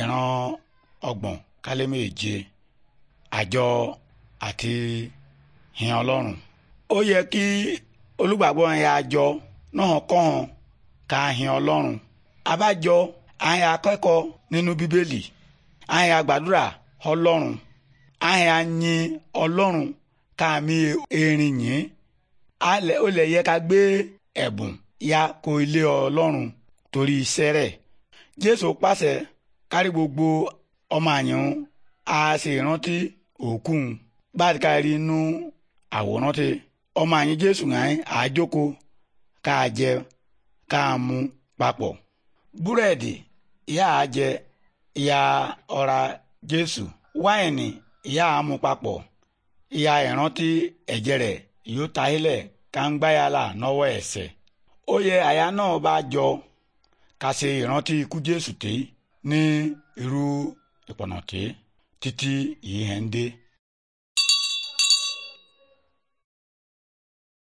ìran ọgbọ̀n kálé méje àjọ àti hin ọlọ́run. ó yẹ kí olùgbàgbọ́ hin àjọ náà kọ́hàn ká hin ọlọ́run. abájọ àhin akẹ́kọ̀ọ́ nínú bíbélì àhin àgbàdúrà ọlọ́run àhin àyin ọlọ́run káàmì erin yìí ó lè yẹ ká gbé ẹ̀bùn ya kó ilé ọlọ́run torí iṣẹ́ rẹ̀ jésù pàṣẹ kárí gbogbo ọmọ àyàn a sì rántí òkun bá a ti kárí inú àwòrán ti ọmọ àyàn jésù náà àjòkó ká jẹ ká mu papọ̀ búrẹ́dì ìyá àjẹ ìyá ọ̀ra jésù wáìnì ìyá àmú papọ̀ ìyá ìrántí ẹ̀jẹ̀ rẹ̀ yóò ta ilẹ̀ kàńgbáyàlà nọ́wọ́ ẹ̀ṣẹ̀ ó yẹ àyà náà bá jọ ká ṣe ìrántí ikú jésù tí nairu ikpanate titi ihe ndị.